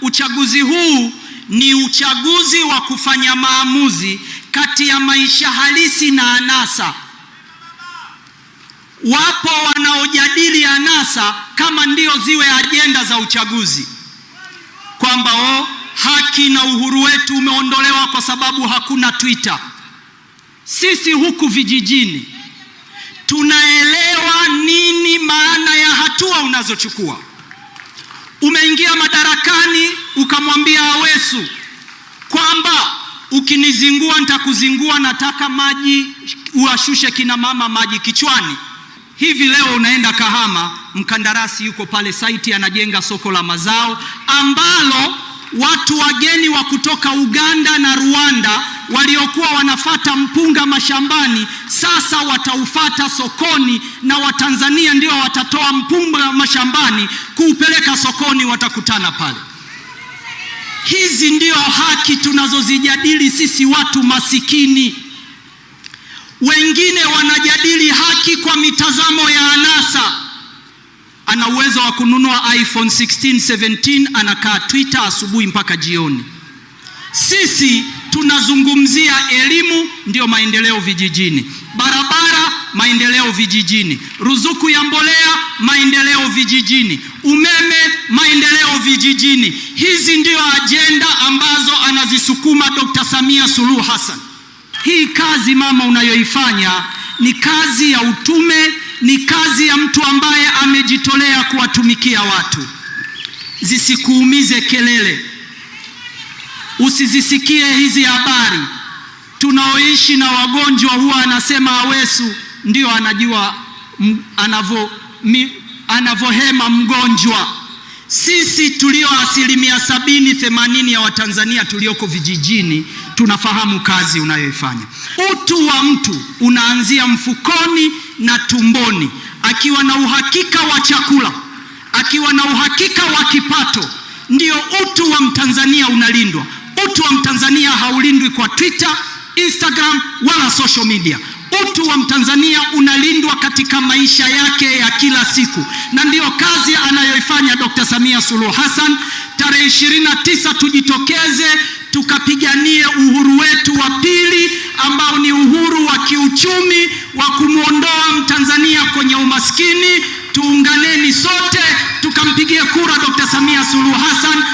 uchaguzi huu ni uchaguzi wa kufanya maamuzi kati ya maisha halisi na anasa. Wapo wanaojadili anasa kama ndio ziwe ajenda za uchaguzi, kwamba o, haki na uhuru wetu umeondolewa kwa sababu hakuna Twitter. Sisi huku vijijini tunaelewa nini maana ya hatua unazochukua. Umeingia madarakani ukamwambia Awesu kwamba ukinizingua nitakuzingua, nataka maji uwashushe kina mama maji kichwani. Hivi leo unaenda Kahama, mkandarasi yuko pale saiti anajenga soko la mazao ambalo watu wageni wa kutoka Uganda na Rwanda waliokuwa wanafata mpunga mashambani sasa wataufata sokoni, na Watanzania ndio watatoa mpunga mashambani kuupeleka sokoni, watakutana pale. Hizi ndio haki tunazozijadili sisi watu masikini. Wengine wanajadili haki kwa mitazamo ya anasa. Ana uwezo wa kununua iPhone 16, 17, anakaa Twitter asubuhi mpaka jioni. Sisi tunazungumzia elimu ndiyo maendeleo vijijini, barabara maendeleo vijijini, ruzuku ya mbolea maendeleo vijijini, umeme maendeleo vijijini. Hizi ndiyo ajenda ambazo anazisukuma Dr. Samia Suluhu Hassan. Hii kazi mama unayoifanya ni kazi ya utume, ni kazi ya mtu ambaye amejitolea kuwatumikia watu. Zisikuumize kelele usizisikie hizi habari. Tunaoishi na wagonjwa huwa anasema Awesu ndio anajua anavo anavohema mgonjwa. Sisi tulio asilimia sabini themanini ya Watanzania tulioko vijijini tunafahamu kazi unayoifanya. Utu wa mtu unaanzia mfukoni na tumboni. Akiwa na uhakika wa chakula, akiwa na uhakika wa kipato, ndio utu wa Mtanzania unalindwa. Utu wa Mtanzania haulindwi kwa Twitter, Instagram wala social media. Utu wa Mtanzania unalindwa katika maisha yake ya kila siku, na ndiyo kazi anayoifanya Dr. Samia Suluhu Hassan. Tarehe 29 tujitokeze tukapiganie uhuru wetu wa pili ambao ni uhuru wa kiuchumi wa kumwondoa Mtanzania kwenye umaskini. Tuunganeni sote tukampigie kura Dr. Samia Suluhu Hassan.